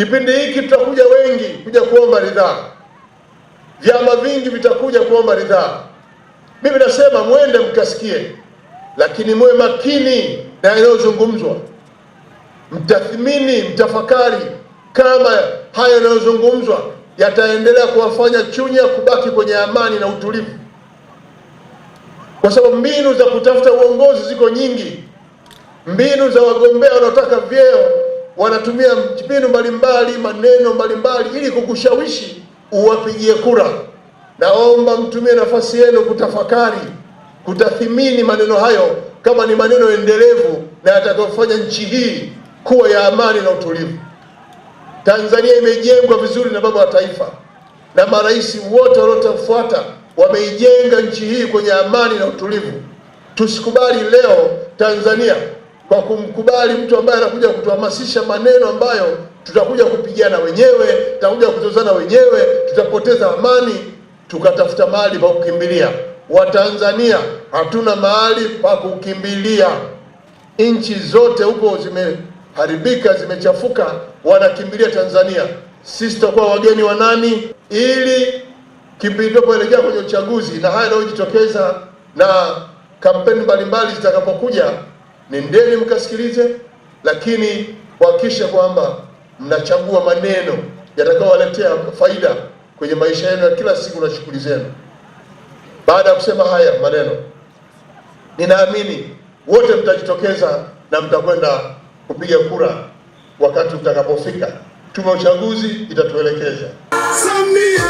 Kipindi hiki tutakuja wengi kuja kuomba ridhaa, vyama vingi vitakuja kuomba ridhaa. Mimi nasema mwende mkasikie, lakini muwe makini na yanayozungumzwa, mtathmini, mtafakari kama hayo yanayozungumzwa yataendelea kuwafanya Chunya kubaki kwenye amani na utulivu, kwa sababu mbinu za kutafuta uongozi ziko nyingi, mbinu za wagombea wanaotaka vyeo wanatumia mbinu mbalimbali, maneno mbalimbali ili kukushawishi uwapigie kura. Naomba mtumie nafasi yenu kutafakari, kutathimini maneno hayo kama ni maneno endelevu na yatakayofanya nchi hii kuwa ya amani na utulivu. Tanzania imejengwa vizuri na baba wa taifa na marais wote waliotafuata wameijenga nchi hii kwenye amani na utulivu. Tusikubali leo Tanzania kwa kumkubali mtu ambaye anakuja kutuhamasisha maneno ambayo tutakuja kupigana wenyewe, tutakuja kutozana wenyewe, tutapoteza amani, tukatafuta mahali pa kukimbilia. Watanzania hatuna mahali pa kukimbilia. Nchi zote huko zimeharibika, zimechafuka, wanakimbilia Tanzania. Sisi tutakuwa wageni wa nani? Ili kipindi tunapoelekea kwenye uchaguzi na haya yanayojitokeza na kampeni mbalimbali zitakapokuja nendeni mkasikilize, lakini kuhakikisha kwamba mnachagua maneno yatakayowaletea faida kwenye maisha yenu ya kila siku na shughuli zenu. Baada ya kusema haya maneno, ninaamini wote mtajitokeza na mtakwenda kupiga kura wakati utakapofika. Tume ya uchaguzi itatuelekeza. Samia